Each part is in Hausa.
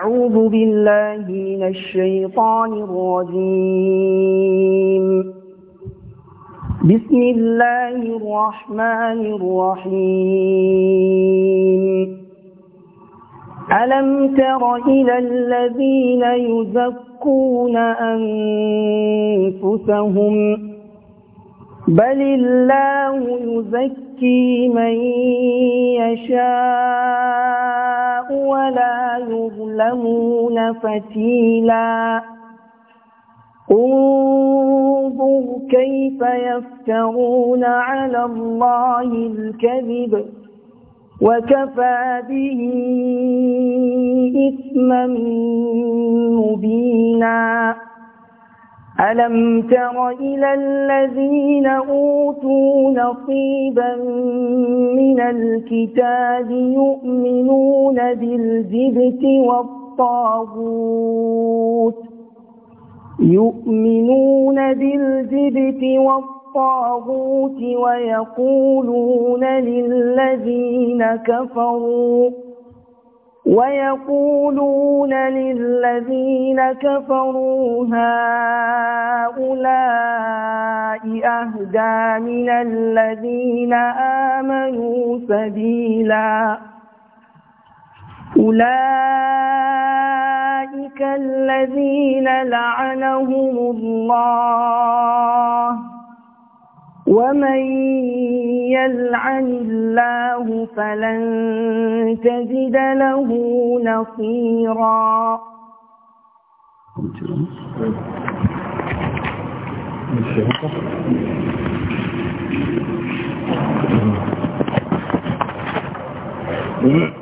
أعوذ بالله من الشيطان الرجيم بسم الله الرحمن الرحيم ألم تر إلى الذين يزكون أنفسهم بل الله يزكي يؤتي من يشاء ولا يظلمون فتيلا انظر كيف يفترون على الله الكذب وكفى به إثما مبينا ألم تر إلى الذين أوتوا نصيبا من الكتاب يؤمنون بالجبت والطاغوت يؤمنون بالجبت والطاغوت ويقولون للذين كفروا ويقولون للذين كفروا هؤلاء أهدى من الذين آمنوا سبيلا أولئك الذين لعنهم الله ومن يلعن الله فلن تجد له نصيرا Mm-hmm.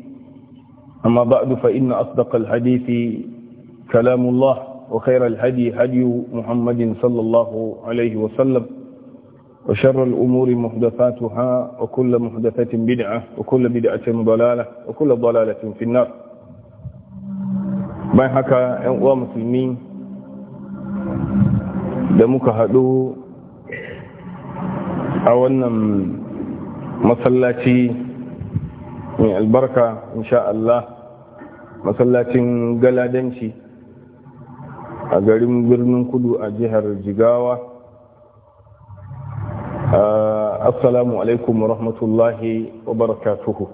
أما بعد فإن أصدق الحديث كلام الله وخير الهدي هدي محمد صلى الله عليه وسلم وشر الأمور محدثاتها وكل محدثة بدعة وكل بدعة ضلالة وكل ضلالة في النار ما حكى أنواع مسلمين دمك هدو أولا مصلاتي mai albarka insha Allah masallacin galadanci a garin birnin kudu a jihar jigawa ah, assalamu alaikum wa rahmatullahi wa barakatuhu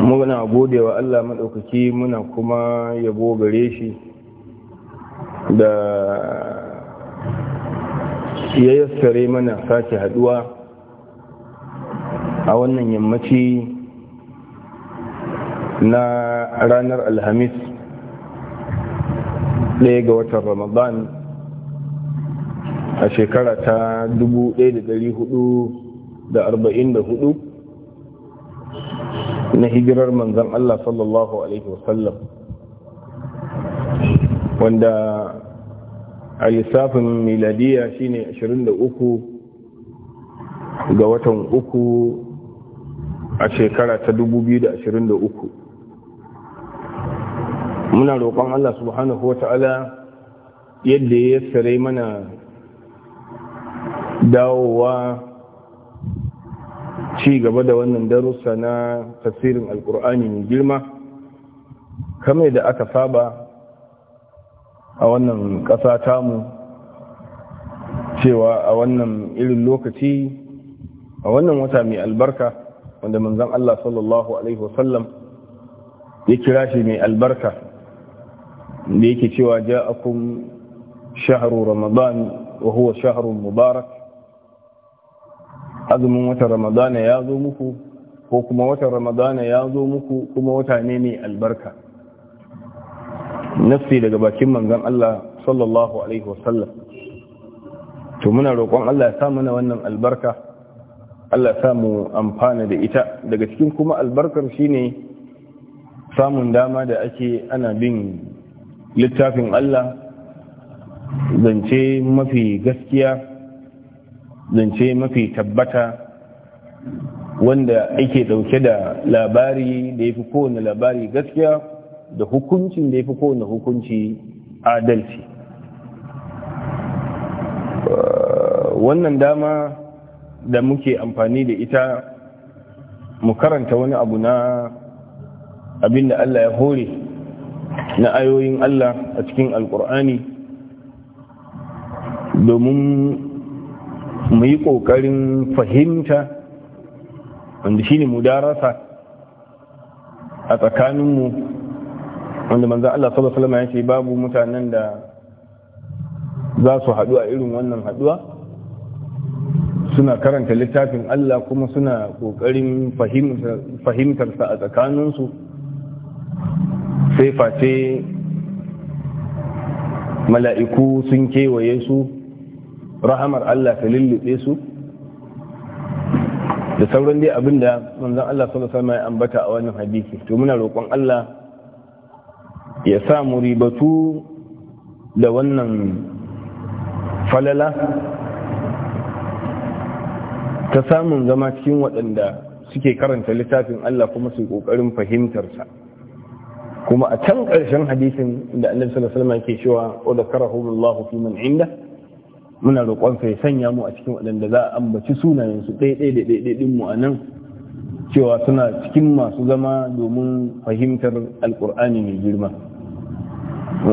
muna gode wa Allah maɗaukaki muna kuma yabo gare shi da ya mana sake haɗuwa. a wannan yammaci na ranar alhamis ɗaya ga watan ramadan a shekara ta 1444 na hijirar manzan Allah sallallahu Alaihi wasallam wanda a lissafin miladiya shine 23 ga watan uku a shekara ta 2023 muna roƙon Allah subhanahu wata'ala yadda ya sare mana dawowa ci gaba da wannan darussa na tafsirin alkur'ani mai girma kame da aka saba a wannan ƙasa tamu cewa a wannan irin lokaci a wannan wata mai albarka wanda manzon Allah sallallahu alaihi wasallam ya kira shi mai albarka da yake cewa ja ja'akum shahru ramadan wa huwa shahrun mubarak azumin watan ramadana ya zo muku ko kuma watan ramadana ya zo muku kuma wata ne mai albarka nafsi daga bakin manzon Allah sallallahu alaihi wasallam to muna roƙon Allah ya sa mana wannan albarka Allah samu amfana da ita daga cikin kuma albarkar shine samun dama da ake ana bin littafin Allah zance mafi gaskiya zance mafi tabbata wanda ake dauke da labari da ya fi kowane labari gaskiya da hukuncin da ya fi kowane hukunci adalci wannan dama da muke amfani da ita mu karanta wani abu na abinda Allah ya hore na ayoyin Allah a cikin alkur'ani domin mu yi ƙoƙarin fahimta wanda shi ne mudarasa a tsakaninmu wanda manzan Allah sallallahu Alaihi wasallam ya ce babu mutanen da za su haɗu a irin wannan haɗuwa suna karanta littafin Allah kuma suna ƙoƙarin fahimtarsa a tsakaninsu sai face mala'iku sun kewaye su rahamar Allah ta lullube su da sauran dai abinda da manzan Allah sallallahu alaihi ya ambata a wannan hadisi to muna roƙon Allah ya sa mu ribatu da wannan falala ta samun zama cikin waɗanda suke karanta littafin Allah kuma su ƙoƙarin fahimtarsa kuma a can ƙarshen hadisin da annabi sallallahu alaihi wasallam yake cewa o da karahullahu fi man inda muna roƙon sa ya sanya mu a cikin waɗanda za a ambaci sunayen su ɗaya ɗaya ɗaya ɗaya ɗin mu a nan cewa suna cikin masu zama domin fahimtar alƙur'ani mai girma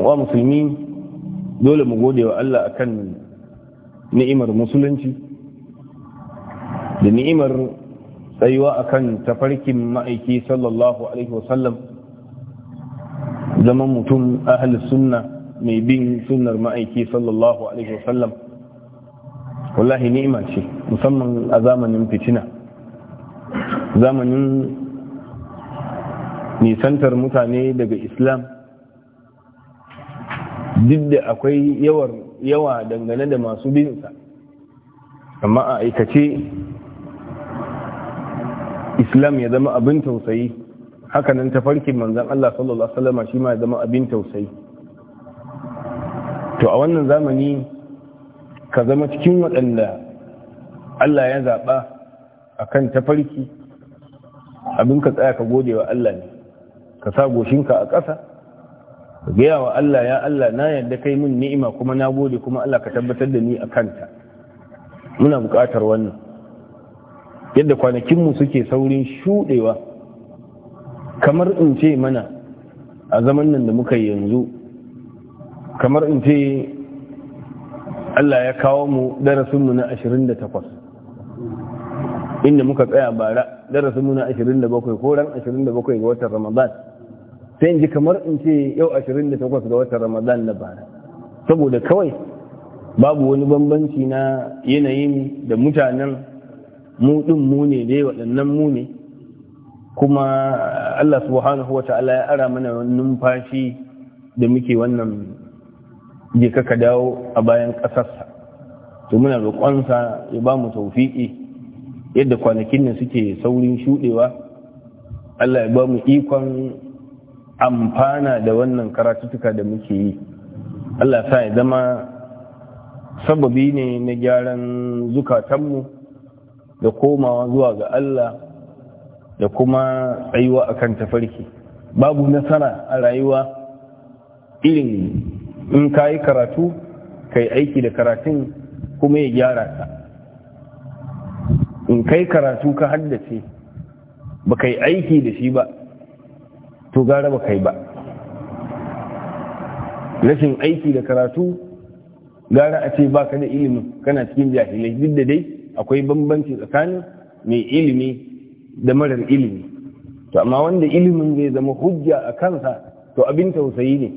wa musulmi dole mu gode wa Allah akan ni'imar musulunci da ni'imar tsayuwa akan tafarkin ma'aiki sallallahu alaihi wasallam zaman mutum ahal sunna mai bin sunnar ma'aiki sallallahu alaihi wasallam wallahi ni'ima ce musamman a zamanin fitina zamanin nisantar mutane daga islam duk da akwai yawa dangane da masu binsa amma a aikace islam ya zama abin tausayi hakanan tafarkin manzan Allah sallallahu Alaihi wasallama shi ma ya zama abin tausayi to a wannan zamani ka zama cikin waɗanda Allah ya zaɓa a kan tafarki abin ka tsaya ka gode wa Allah ne ka sa goshinka a ƙasa ka gaya wa Allah ya Allah na yadda kai min ni'ima kuma na gode kuma Allah ka tabbatar da ni a kanta muna buƙatar wannan yadda kwanakinmu suke saurin shuɗewa kamar in ce mana a zaman nan da muka yanzu kamar in ce Allah ya kawo mu darasinmu na 28 inda muka tsaya bara darasinmu na 27 ko ran 27 ga watan ramadan sai in ji kamar in ce yau 28 ga watan ramadan na bara saboda kawai babu wani bambanci na yanayin da mutanen mu ɗin mu ne dai waɗannan mu ne kuma Allah subhanahu wata'ala ya ara mana numfashi da muke wannan je ka dawo a bayan ƙasarsa to muna roƙonsa ya ba mu taufiƙi yadda kwanakin nan suke saurin shuɗewa Allah ya ba mu ikon amfana da wannan karatuttuka da muke yi Allah sa ya zama sababi ne na gyaran zukatanmu da komawa zuwa ga Allah da kuma tsayuwa akan tafarki babu nasara a rayuwa irin in ka yi karatu ka yi aiki da karatun kuma ya gyara ka in ka yi karatu ka haddace ba ka yi aiki da shi ba to gara ba kai ba rashin aiki da karatu gara a ce ba ka da ilimin kana cikin jahilai duk da dai akwai bambanci tsakanin mai ilimi da marar ilimi to amma wanda ilimin zai zama hujja a kansa to abin tausayi ne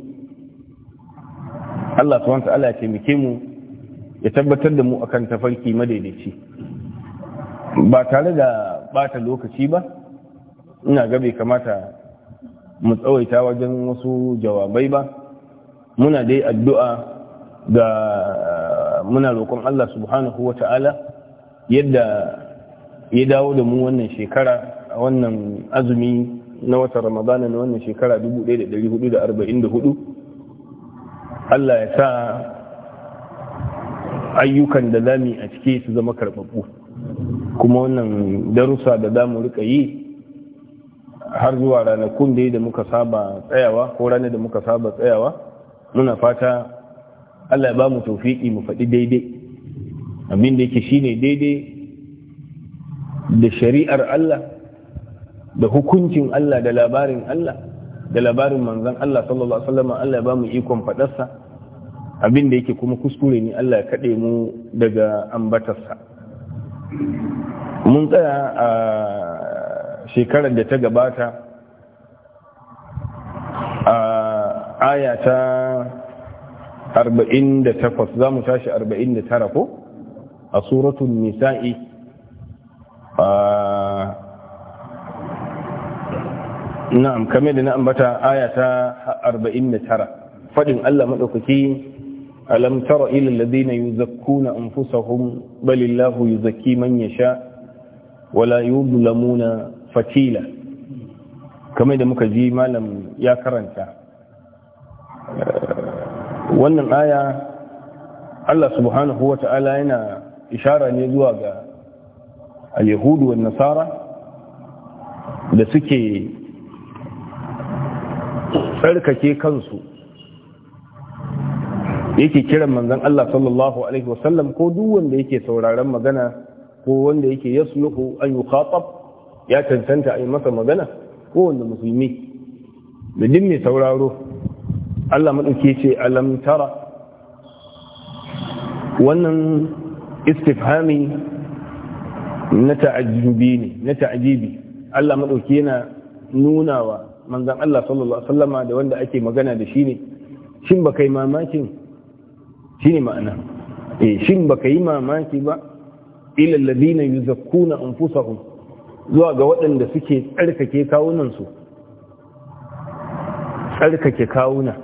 Allah subhanahu ta'ala ya taimake mu ya tabbatar da mu akan tafarki madaidaici ba tare da bata lokaci ba ina ga bai kamata mu tsawaita wajen wasu jawabai ba muna dai addu'a ga muna roƙon Allah subhanahu wa ta'ala yadda ya dawo da mu wannan shekara a wannan azumi na watan ramadana na wannan shekara 1444 Allah ya sa ayyukan da zami a cike su zama karbabu kuma wannan darussa da za rika yi har zuwa ranakun da da muka saba tsayawa ko ranar da muka saba tsayawa muna fata Allah ya ba mu tofiki mu faɗi daidai abin da yake shine daidai da shari'ar Allah da hukuncin Allah da labarin Allah da labarin manzan Allah sallallahu alaihi wasallam Allah ya ba mu ikon fadarsa abin da yake kuma kuskure ne Allah ya kade mu daga ambatarsa mun tsaya a shekarar da ta gabata a aya ta 48 za mu tashi 49 ko a suratul nisa'i na'am kame da na ambata aya ta 49 fadin Allah madaukaki alam tara ila alladhina yuzakkuna anfusahum bal illahu yuzakki man yasha wala yudlamuna fatila kame da muka ji malam ya karanta eh, wannan aya Allah subhanahu wa ta'ala yana ishara ne zuwa ga a yahudu wan nasara da suke tsarkake kansu yake kiran manzon Allah sallallahu alaihi wasallam ko duk wanda yake sauraron magana ko wanda yake yasluhu an yukhatab ya tantanta a yi masa magana ko wanda musulmi da din mai sauraro Allah madauke ce alam tara wannan istifhami na ta'ajibi ne na ta'ajibi Allah madauki yana nunawa manzon Allah sallallahu alaihi da wanda ake magana da shi ne shin baka yi mamakin shine ma'ana eh shin baka yi mamaki ba ila alladhina yuzakkuna zuwa ga waɗanda suke tsarkake kawunan su tsarkake kawuna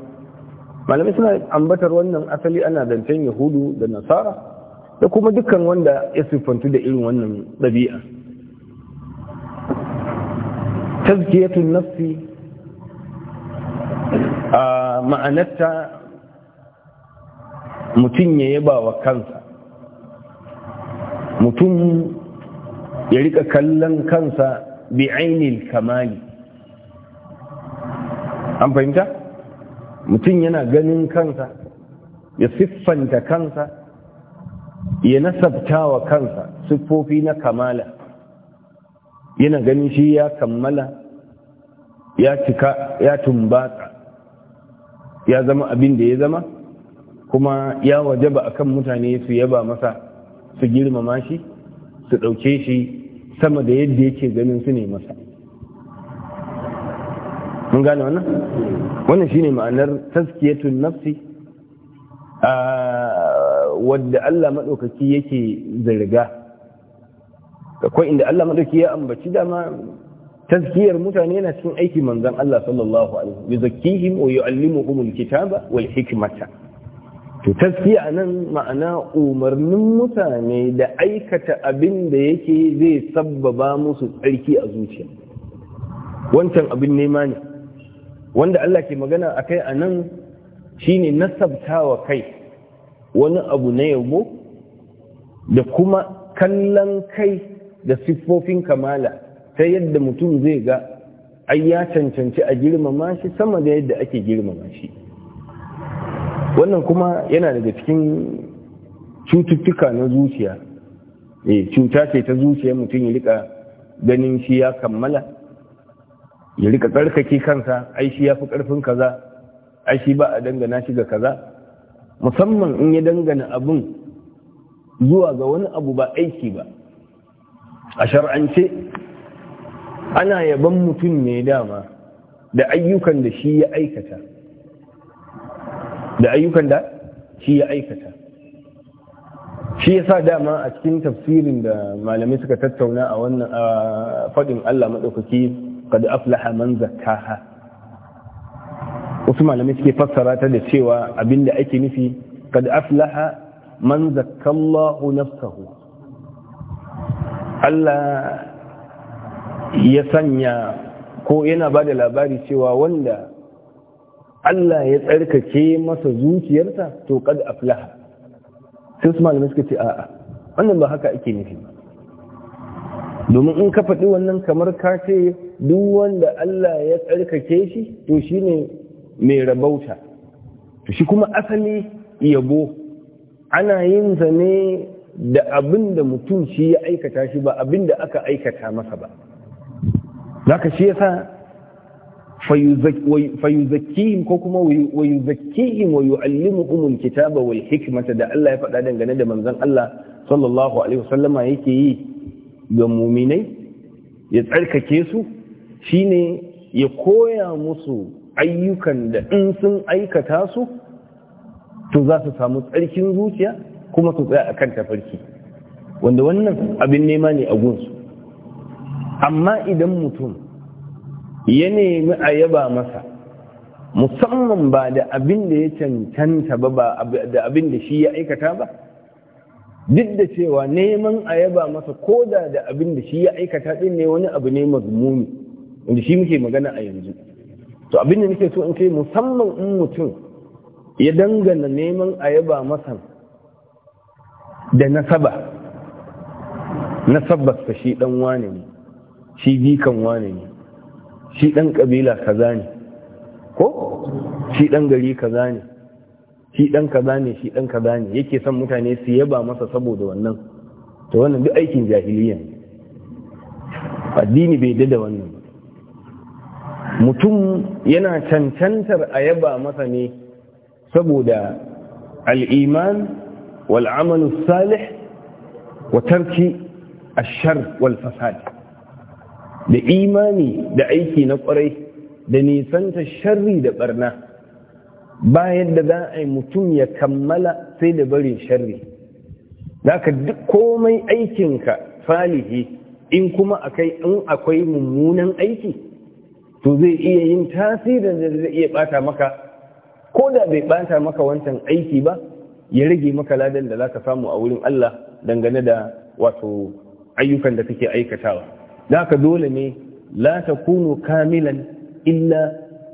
malamai suna ambatar wannan asali ana zancen yahudu da nasara da kuma dukkan wanda ya siffantu da irin wannan ɗabi'a tazkiyatun nafsi a ma'anarta mutum ya yaba wa kansa mutum ya rika kallon kansa bi ainihin kamali an fahimta mutum yana ganin kansa ya siffanta kansa ya nasabta wa kansa siffofi na kamala yana ganin shi ya kammala ya cika ya tumbatsa ya zama abin da ya zama kuma ya wajaba akan mutane su yaba masa su girmama shi su ɗauke shi sama da yadda yake ganin su ne masa mun gane wannan wannan shine ma'anar taskiyatun nafsi ah, wadda Allah maɗaukaki yake zirga akwai inda Allah maɗauki ya ambaci dama tazkiyar mutane yana cikin aiki manzan Allah sallallahu alaihi yuzakkihim wa yu'allimuhumul kitaba wal hikmata to tazkiya nan ma'ana umarnin mutane da aikata abin da yake zai sabbaba musu tsarki a zuciya wancan abin nema ne wanda Allah ke magana akai a nan shine nasabtawa kai wani abu na yabo da kuma kallon kai da siffofin kamala ta yadda mutum zai ga ai ya cancanci a girmama shi sama da yadda ake girmama shi wannan kuma yana daga cikin cututtuka na zuciya e cuta ce ta zuciya mutum ya rika ganin shi ya kammala ya rika tsarkake kansa ai shi ya fi karfin kaza ai shi ba a dangana shi ga kaza musamman in ya dangana abin zuwa ga wani abu ba aiki ba a shar'ance ana yaban mutum mai dama da ayyukan da shi ya aikata da ayyukan da shi ya aikata shi sa dama a cikin tafsirin da malamai suka tattauna a wannan fadin Allah maɗaukaki kada aflaha man zakaha wasu malamai suke fassara ta da cewa abinda ake nufi kad aflaha man zakkallahu nafsahu Allah ya sanya ko yana ba da labari cewa wanda Allah ya tsarkake masa zuciyarsa to kad aflaha sai su malamai suka ce a'a wannan ba haka ake nufi domin in ka faɗi wannan kamar ka ce duk wanda Allah ya tsarkake shi to shine mai rabauta to shi kuma asali yabo ana yin zane da abin da mutum shi ya aikata shi ba abin da aka aikata masa ba zaka shi yasa fayuzakkihim ko kuma wayuzakkihim wa yu'allimuhum alkitaba wal hikmata da Allah ya faɗa dangane da manzon Allah sallallahu alaihi wasallama yake yi ga muminai ya tsarkake su shine ya koya musu ayyukan da in sun aikata su to za su samu tsarkin zuciya kuma su tsaya a kan tafarki wanda wannan abin nema ne a gunsu amma idan mutum ya nemi a yaba masa musamman ba da abin da ya cancanta ba ba da abin da shi ya aikata ba duk da cewa neman a yaba masa koda da abin da shi ya aikata din ne wani abu ne mazmumi wanda shi muke magana a yanzu to abin da nake so in ce musamman in mutum ya dangana neman a yaba masa da nasaba nasabar ta shi dan wane ne shi jikan wane ne shi dan kabila kaza ne ko shi dan gari kaza ne shi dan kaza ne shi dan kaza ne yake son mutane su yaba masa saboda wannan to wannan duk aikin jahiliya ne addini bai da wannan mutum yana cancantar a yaba masa ne saboda al'iman wal'amalu salih wa tarki ashar wal fasad da imani da aiki na kwarai da nisanta sharri da barna Bayan da za a yi mutum ya kammala sai da barin sharri za ka duk komai aikinka salihi in kuma akai in akwai mummunan aiki to zai iya yin tasirin da zai iya bata maka ko da bai bata maka wancan aiki ba ya rage maka ladan da zaka samu a wurin Allah dangane da wato ayyukan da kake aikatawa da haka dole ne la takunu kamilan illa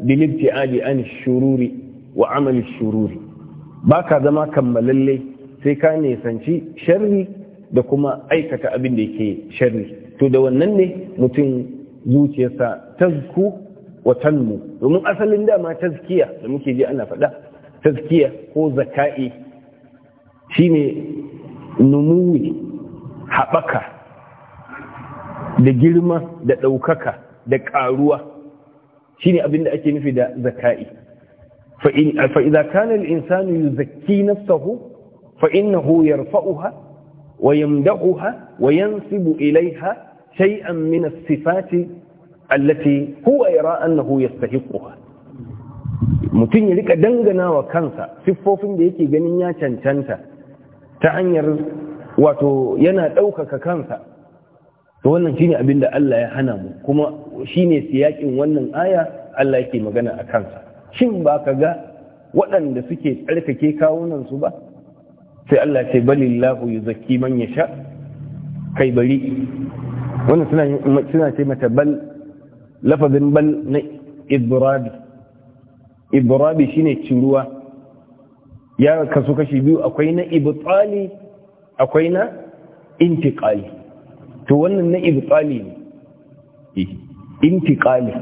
bil ibtiadi an shururi wa amal shururi baka zama kammalalle sai ka nisanci sharri da kuma aikata abin da yake sharri to da wannan ne mutum zuciyarsa tazku wa tanmu domin asalin dama tazkiya da muke ji ana faɗa tazkiya ko zaka'i shine numuwi haɓaka da girma da ɗaukaka da ƙaruwa shine abin da ake nufi da zaka'i فإذا كان الإنسان يزكي نفسه فإنه يرفعها ويمدحها وينسب إليها شيئا من الصفات التي هو يرى أنه يستحقها mutum ya rika dangana wa kansa siffofin da yake ganin ya cancanta ta hanyar wato yana ɗaukaka kansa to wannan shine abin da Allah ya hana mu kuma shine siyakin wannan aya Allah yake magana a kansa shin ba ka ga waɗanda suke tsarkake kawunan su ba sai Allah ce balillahu yuzakki man sha kai bari wannan suna ce mata bal lafazin bal na ibrabi ibrabi shine ciruwa ya kasu kashi biyu akwai na ibtali akwai na intiqali to wannan na ibtali ne eh, intiqali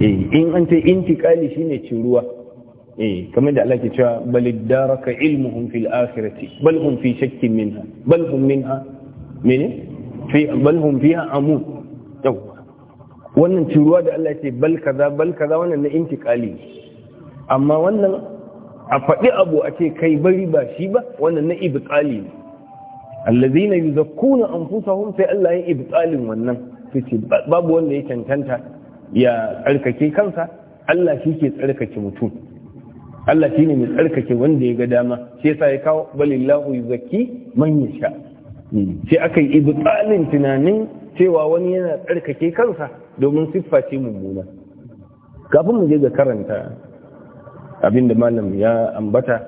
eh, in an ce intiqali shine ciruwa eh kamar da Allah ke cewa bal daraka ilmuhum fil akhirati bal hum fi shakkin minha bal hum minha mene fi bal hum fiha amu yau wannan ciruwa da Allah ce bal kaza bal kaza wannan na intikali amma wannan a faɗi abu a ce kai bari ba shi ba wannan na ibtali ne allazina yuzakkuna anfusahum sai Allah ya ibtalin wannan babu wanda ya cancanta ya tsarkake kansa Allah shi ke tsarkake mutum Allah shi ne mai tsarkake wanda ya ga dama shi yasa ya kawo balillahu yuzakki man yasha sai aka yi ibtsalin tunanin cewa wani yana tsarkake kansa domin siffa ce mummuna kafin mu je ga karanta abin da malam ya ambata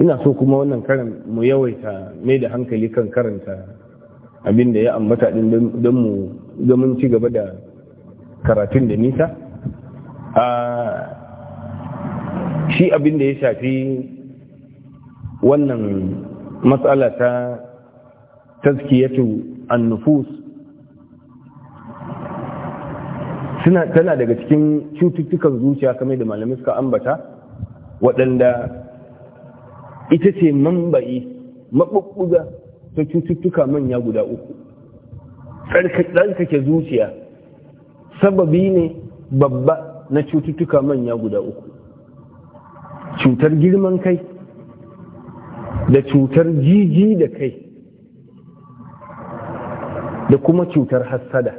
ina so kuma wannan karan mu yawaita mai da hankali kan karanta abin da ya ambata din don mu mun ci gaba da karatun da nisa a shi abin da ya shafi wannan matsala ta tazkiyatu an-nufus suna tana daga cikin cututtukan zuciya kamar da malamai suka ambata waɗanda ita ce mambayi maɓuɓɓuga ta cututtuka manya guda uku tsarkake zuciya sababi ne babba na cututtuka manya guda uku cutar girman kai da cutar jiji da kai da kuma cutar hassada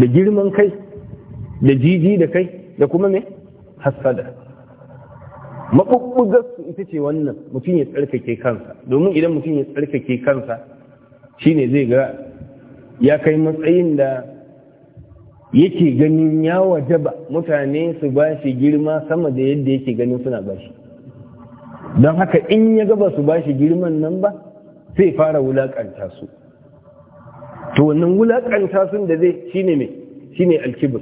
da girman kai da jiji da kai da kuma me hassada maɓuɓɓugar su ita ce wannan mutum ya tsarkake kansa domin idan mutum ya tsarkake kansa shine zai ga ya kai matsayin da yake ganin ya wajaba mutane su ba shi girma sama da yadda yake ganin suna ba shi don haka in ya gaba su ba shi girman nan ba sai fara wulakanta su to wannan wulakanta sun da zai shine ne shine alkibir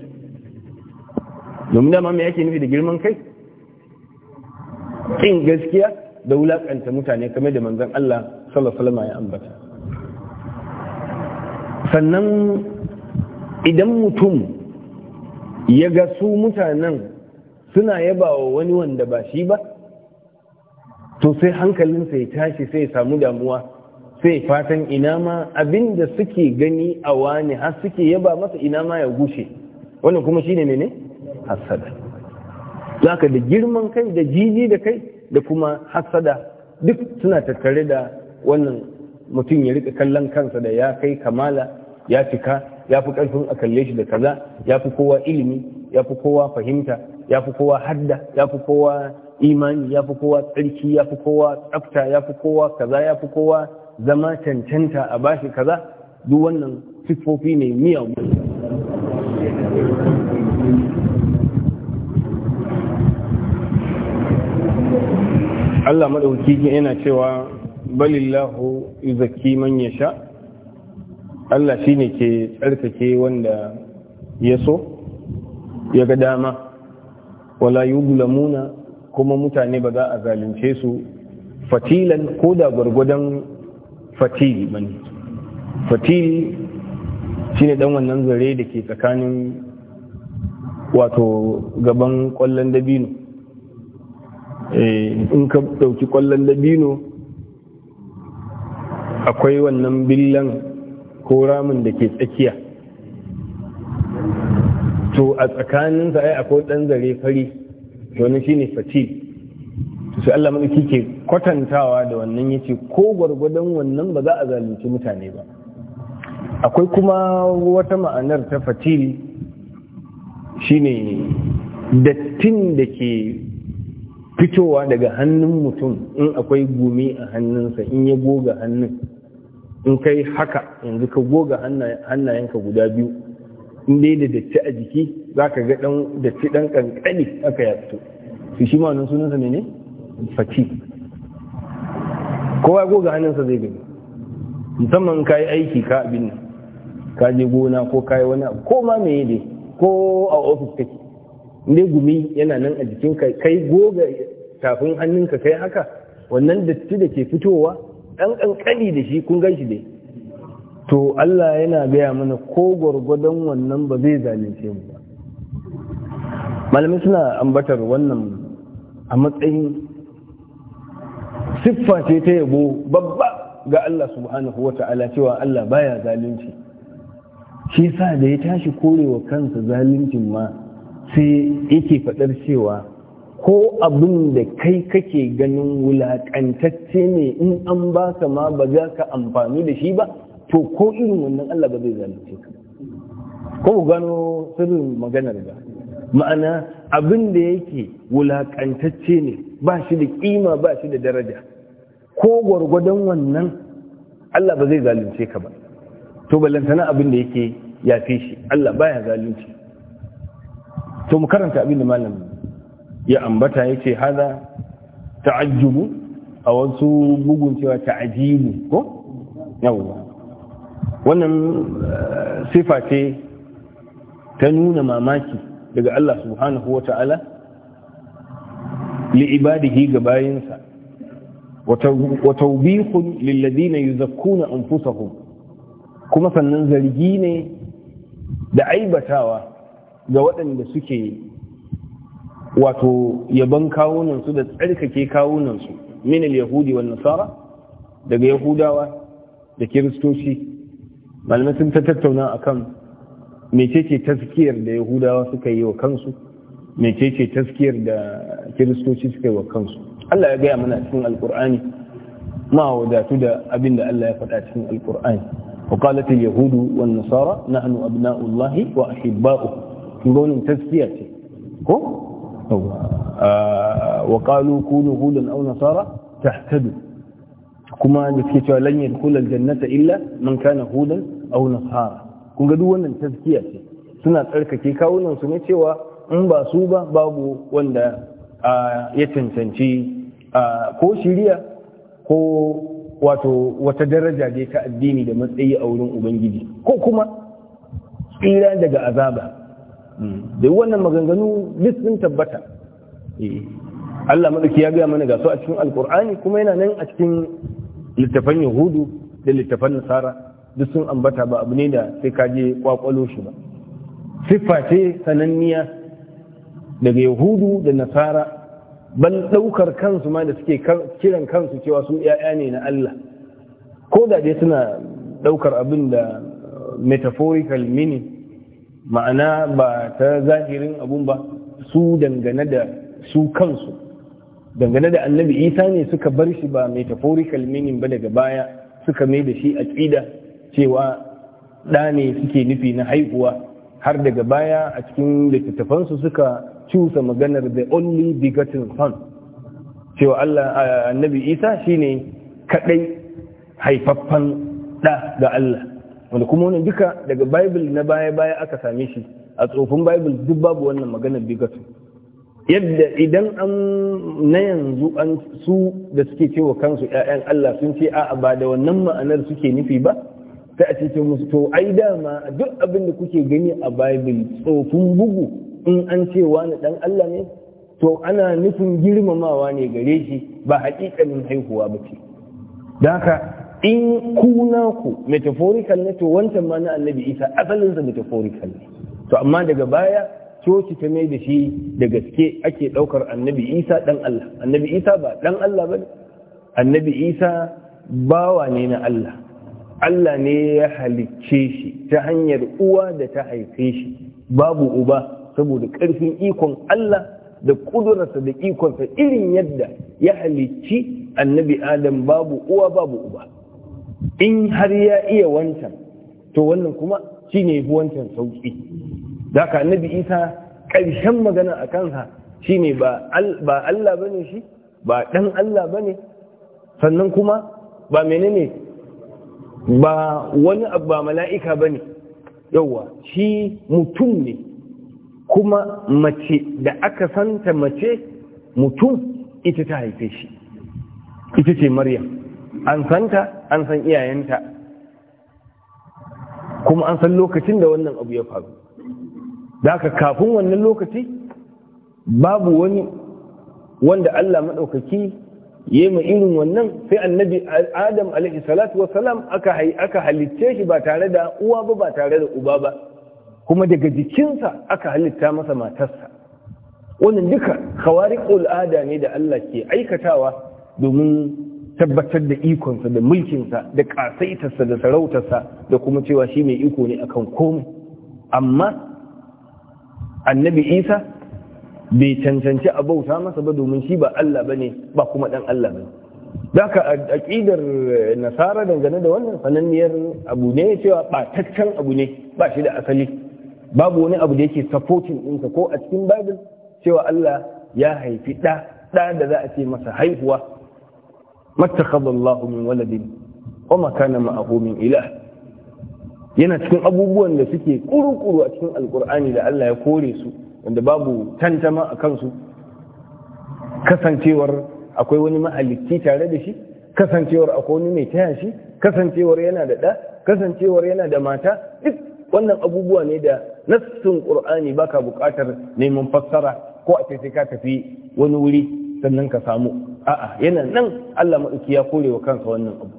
domin dama mai yake nufi da girman kai kin gaskiya da wulakanta mutane kamar da manzan Allah sallallahu alaihi ya ambata sannan idan mutum ya ga su mutanen suna yaba wa wani wanda ba shi ba to sai hankalinsa ya tashi sai ya samu damuwa sai fatan ina ma abin da suke gani a wani har suke yaba masa ina ma ya gushe wannan kuma shine ne? ne hasada zaka da girman kai da jiji da kai da kuma hasada duk suna tattare da wannan mutum ya rika kallon kansa da ya kai kamala ya cika ya fi karfin a kalle shi da kaza ya fi kowa ilimi ya fi kowa fahimta ya fi kowa hadda ya fi kowa imani ya fi kowa tsarki ya fi kowa tsafta ya fi kowa kaza ya fi kowa zama cancanta a bashi kaza duk wannan siffofi ne miya. Allah maɗauki yana cewa balillahu yuzakki man yasha Allah shine ke tsarkake wanda ya so ya ga dama wala yuzlamuna kuma mutane ba za a zalunce su fatilan ko da gwargwadon fatil bane fatil shine dan wannan zare da ke tsakanin wato gaban kwallon dabino eh, in ka dauki kwallon dabino akwai wannan billan ko ramin da ke tsakiya to a tsakaninsa ai akwai dan zare fari wani shi ne shine su Allah madauki ke kwatantawa da wannan yace ko gwargwadon wannan ba za a zalunci mutane ba akwai kuma wata ma'anar ta fatil shine dattin da ke fitowa daga hannun mutum in akwai gumi a hannunsa in ya goga hannun in kai haka yanzu ka goga hannayenka guda biyu in dai da datti a jiki za ka ga datti dan kankani aka yato su shi ma wannan sunansa ne ne faci kowa goga hannunsa zai gani musamman ka yi aiki ka abin nan ka je gona ko ka yi wani ko ma me ne ko a ofis kake ne gumi yana nan a jikin ka kai goga tafin hannunka kai haka wannan datti da ke fitowa ɗan ƙanƙani da shi kun gan shi dai to Allah yana gaya mana ko gwargwadon wannan ba zai zalunce mu ba malamai suna ambatar wannan a matsayin siffa ce ta yabo babba ga Allah subhanahu Ta'ala cewa Allah baya zalunci shi sa da ya tashi korewa kansa zaluncin ma sai yake faɗar cewa ko abin da kai kake ganin wulaƙantacce ne in an ba ka ma ba za ka amfani da shi ba to ko irin wannan Allah ba zai zalunce ka ko gano sirrin maganar ba ma'ana abin da yake wulaƙantacce ne ba shi da ƙima ba shi da daraja ko gwargwadon wannan Allah ba zai zalunce ka ba to ballantana abin da yake ya fi shi Allah baya zalunci to mu karanta abin da malam ya ambata yace hada ta'ajjubu a wasu bugun cewa ta'ajibu ko yawa wannan eh, sifa ce ta nuna mamaki daga Allah subhanahu wa ta'ala li ibadihi ga Wata wa tawbihun lilladina yuzakkuna anfusahum kuma sannan zargi ne da aibatawa ga waɗanda suke wato yaban kawunansu da tsarkake kawunansu min al-yahudi wan nasara daga yahudawa da kiristoci malamai sun ta tattauna akan mecece taskiyar da yahudawa suka yi wa kansu mecece taskiyar da kiristoci suka yi wa kansu Allah ya gaya mana cikin alkur'ani ma wadatu da abin da Allah ya faɗa cikin alkur'ani wa yahudu wan nasara nahnu abna'ullahi wa ahibba'uhu gonin taskiya ce ko ah, wa qalu kunu hudan aw nasara tahtadu kuma da suke cewa lan yadkhul al-jannata illa man kana hudan aw nasara kun ga duk wannan taskiya ce suna tsarkake kawunan su cewa in ba su ba babu wanda ah, ya cancanci ko shiriya ko wato wata daraja dai ta addini da matsayi a wurin ubangiji ko kuma tsira daga azaba da wannan maganganu duk sun tabbata eh, Allah madauki ya gaya mana gasu a cikin alkur'ani kuma yana nan a cikin littafan yahudu da littafan nasara duk sun ambata ba abu ne da sai ka je kwakwalo shi ba siffa ce sananniya daga yahudu da nasara ban ɗaukar kansu ma da suke kiran kansu cewa su ‘ya'ya ne na Allah ko da dai suna ɗaukar abin da uh, metaphorical meaning ma'ana ba ta zahirin abun ba su dangane da su kansu dangane da annabi isa ne suka bar shi ba metaphorical meaning ba daga baya suka mai da shi a tsida? cewa ɗa ne suke nufi na haihuwa har daga baya a cikin littattafansu suka cusa maganar the only begotten son cewa Allah annabi Isa shine kadai haifaffan da ga Allah wanda kuma wannan duka daga bible na baya-baya aka same shi a tsofin bible duk babu wannan maganar begotten yadda idan an na yanzu an su da suke cewa kansu 'ya'yan Allah sun ce a'a ba da wannan ma'anar suke nufi ba sai a cikin musu to ai dama duk abin da kuke gani a bible tsofin bugu in an ce wani dan Allah ne to ana nufin girmamawa ne gare shi ba haƙiƙanin haihuwa ba ce haka in kuna ku metaphorical ne to wancan ma na annabi isa asalinsa metaphorical ne to amma daga baya coci ta mai da shi da gaske ake ɗaukar annabi isa dan Allah annabi isa ba dan Allah ba annabi isa bawa ne na Allah Allah ne ya halicce shi ta hanyar uwa da ta haife shi babu uba saboda ƙarfin ikon Allah da ƙudurarsa da ikonsa irin yadda ya halicci annabi adam babu uwa babu uba in har ya iya wancan to wannan kuma shi ne fi wancan sauƙi da ka annabi isa ƙarshen magana a kansa shi ne ba Allah ba ne shi ba ɗan Allah ba ne sannan kuma ba menene ba wani abu ba mala'ika ba ne yauwa shi mutum ne kuma mace da aka santa mace mutum ita ta haife shi ita ce maryam an santa an san iyayenta kuma an san lokacin da wannan abu ya faru da aka kafin wannan lokaci babu wani wanda Allah maɗaukaki ya yi irin wannan sai annabi adam alaihi salatu wassalam aka halicce shi ba tare da uwa ba ba tare da uba ba kuma daga jikinsa aka halitta masa matarsa wannan duka khawariqul ada ne da Allah ke aikatawa domin tabbatar da ikonsa da mulkinsa da ƙasaitarsa da sarautarsa da kuma cewa shi mai iko ne akan komai amma annabi isa bai cancanci a bauta masa ba domin shi ba Allah bane ba kuma dan Allah bane Daka aƙidar nasara dangane da wannan sananniyar abu ne cewa ɓataccen abu ne ba shi da asali babu wani abu da yake supporting ɗinka ko a cikin babin cewa Allah ya haifi ɗa ɗa da za a ce masa haihuwa mattakhadallahu min waladin O ma kana ma'ahu min ilah yana cikin abubuwan da suke kurukuru a cikin alkur'ani da Allah ya kore su wanda babu tantama a kansu kasancewar akwai wani mahalicci tare da shi kasancewar akwai wani mai taya shi kasancewar yana da ɗa kasancewar yana da mata duk wannan abubuwa ne da nassin qur'ani baka buƙatar neman fassara ko a sai ka tafi wani wuri sannan ka samu a'a yana nan Allah madauki ya kore wa kansa wannan abu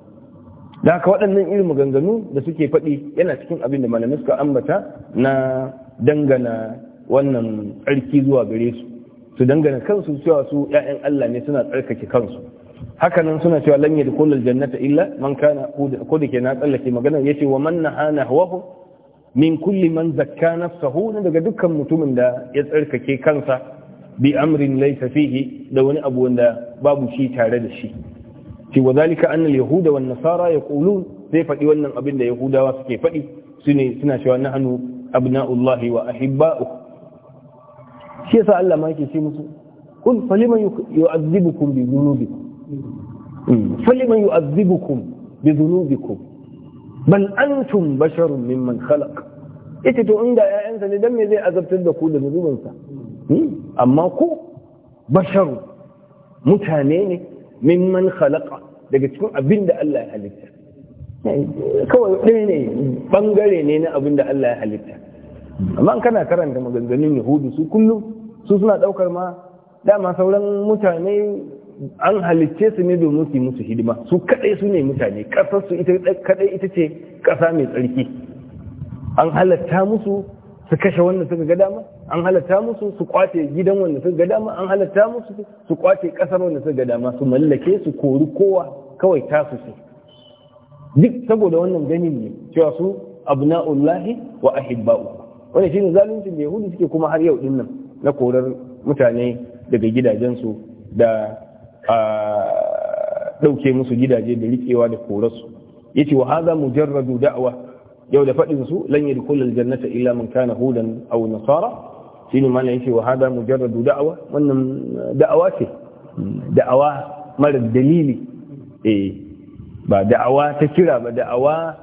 da haka waɗannan irin maganganu da suke faɗi yana cikin abin da malamai suka ambata na dangana wannan tsarki zuwa gare su su dangana kansu cewa su ‘ya'yan Allah ne suna tsarkake kansu hakanan suna cewa lan yadkhulul jannata illa man kana ko da ke na tsallake magana yace wa man hana hawahu min kulli man zakka nafsahu daga dukkan mutumin da ya tsarkake kansa bi amrin laysa fihi da wani abu wanda babu shi tare da shi ci wa zalika anna al-yahuda wan nasara yaqulun sai fadi wannan abin da yahudawa suke faɗi sune suna cewa nahnu abna'ullahi wa ahibba'u shi yasa Allah ma yake ce musu kun hmm. faliman yu'azzibukum bi dhunubikum faliman yu'azzibukum bi dhunubikum bal antum basharun mimman khalaq ita to inda ƴaƴansa ne dan me zai azabtar da ku da sa. amma ku Basharun mutane ne mimman khalaqa daga cikin abinda Allah ya halitta kawai ɗaya ne bangare ne na abinda Allah ya halitta amma kana karanta maganganun yahudu su kullum su suna ɗaukar ma dama sauran mutane an halicce su ne domin su yi musu hidima su kadai su ne mutane kasar su kadai ita ce kasa mai tsarki an halatta musu su kashe wannan suka ga dama an halatta musu su kwace gidan wannan suka ga dama an halatta musu su kwace kasar wannan suka ga dama su mallake su kori kowa kawai tasu su duk saboda wannan ganin ne cewa su abna'ullahi wa ahibba'u wannan shine zaluncin da yahudi suke kuma har yau din nan na korar mutane daga gidajensu da ɗauke musu gidaje da riƙewa da korarsu yace wa hadha mujarradu da'wa yau da faɗin su lan yadkhul aljannata illa man kana hudan aw nasara shine mana yace wa hadha mujarradu da'wa wannan da'awa ce da'awa mara dalili eh ba da'awa ta kira ba da'awa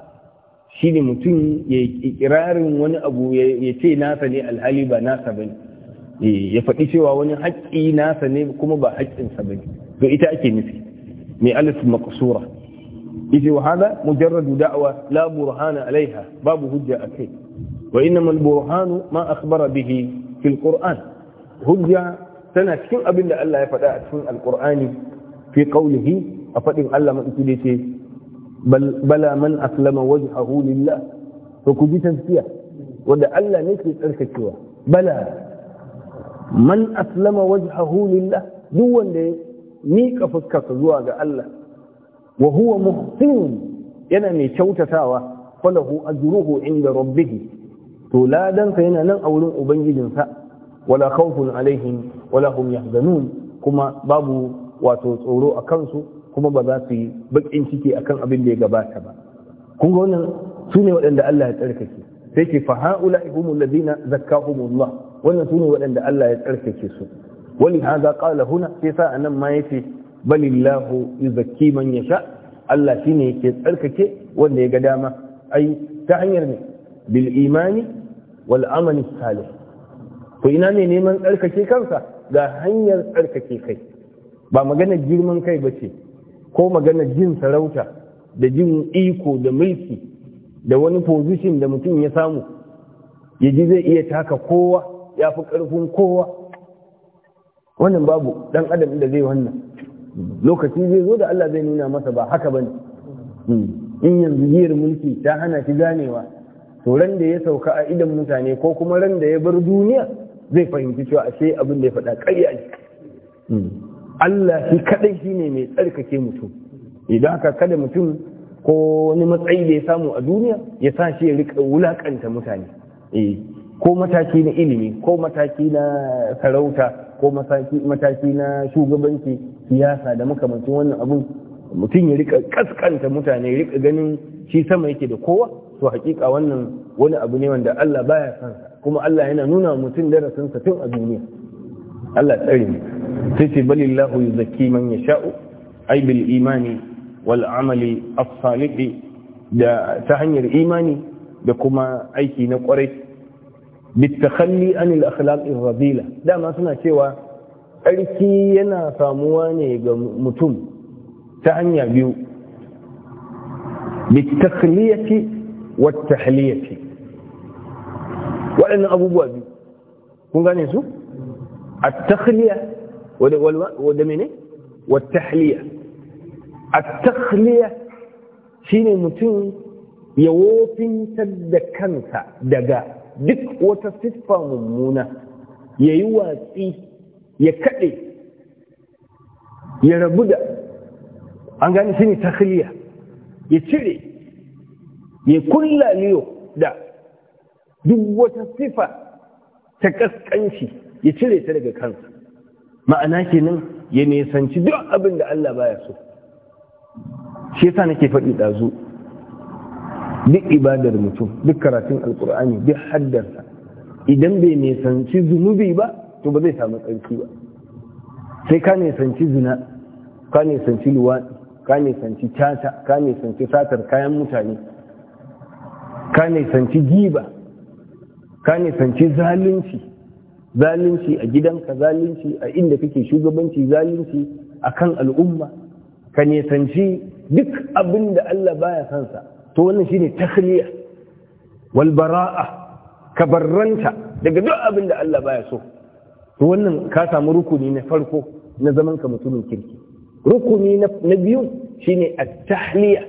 shine mutum ya ikirarin wani abu ya ce nasa ne alhali ba nasa bane eh, ya faɗi cewa wani haƙƙi nasa ne kuma ba haƙƙinsa bane فإتأتي مثل من ألف مقصورة إذن وهذا مجرد دعوة لا برهان عليها باب هجة أكيد وإنما البرهان ما أخبر به في القرآن هجة تنسكن أبن لألا يفتاع تكون القرآن في قوله أفتح ألا ما أتدتي بل بلا من أسلم وجهه لله فكجيسا فيها ودع ألا نسي تلك بلا من أسلم وجهه لله دون ليه miƙa fuskarsa zuwa ga Allah wa huwa muhsin yana mai kyautatawa falahu ajruhu inda rabbih to ladansa yana nan a wurin ubangijinsa wala khawfun alaihim wala hum yahzanun kuma babu wato tsoro a kansu kuma ba za su yi baƙin ciki akan abin da ya gabata ba kun ga wannan sune waɗanda Allah ya tsarkake sai ke fa ha'ula'i humul ladina zakkahumullah wannan sune waɗanda Allah ya tsarkake su wani haza ƙala huna sai sa anan ma yace balillahu yuzakki man sha. Allah shine yake tsarkake wanda ya ga dama ai ta hanyar ne bil imani wal amali salih to ina mai neman tsarkake kansa ga hanyar tsarkake kai ba magana girman kai ba ce ko magana jin sarauta da jin iko da mulki da wani position da mutum ya samu Yaji zai iya taka kowa ya fi ƙarfin kowa wannan babu dan adam da zai wannan lokaci zai zo da Allah zai nuna masa ba haka bane hmm. in yanzu giyar mulki ta hana shi ganewa to ran da ya sauka a idan mutane ko kuma ran da ya bar duniya zai fahimci cewa ashe abin da ya faɗa ƙarya ne hmm. Allah shi kadai shine mai tsarkake mutum idan aka kada mutum ko wani matsayi da ya samu a duniya ya sa shi ya rika wulakanta mutane eh, ko mataki na ilimi ko mataki na sarauta ko mataki na shugabanci siyasa da makamancin wannan abun mutum ya rika kaskanta mutane ya rika ganin shi sama yake da kowa to hakika wannan wani abu ne wanda Allah baya san kuma Allah yana nuna mutum darasin sa tun a duniya Allah tsare mu sai ce balillahu zaki man yasha'u ay bil imani wal amali as da ta hanyar imani da kuma aiki na kwarai bitakalli anil akhlaqir rabila dama suna cewa tsarki yana samuwa ne ga mutum ta hanya biyu bitakliyati wa tahliyati waɗannan abubuwa biyu kun gane su at-takhliya wa da mene wa tahliya at-takhliya shine mutum ya wofintar da kansa daga duk wata siffa mummuna ya yi watsi ya kaɗe ya rabu da an gani shi ne takhliya ya cire ya kulla liyo da duk wata siffa ta ƙasƙanci ya cire ta daga kansa ma'ana kenan ya nisanci duk abin da Allah baya so shi yasa nake faɗi ɗazu duk ibadar mutum duk karatun alkur'ani duk haddarsa idan bai nisanci zunubi ba to ba zai samu tsarki ba sai ka nisanci zina ka nisanci luwaɗi ka nisanci caca ka nisanci satar kayan mutane ka nisanci giba ka nisanci zalunci zalunci a gidanka zalunci a inda kake shugabanci zalunci a kan al'umma ka nisanci duk abin da Allah baya sansa to wannan shine takhliya wal bara'a kabarranta daga duk abin da Allah baya so to wannan ka samu rukuni na farko na zaman ka mutumin kirki rukuni na biyu shine at-tahliya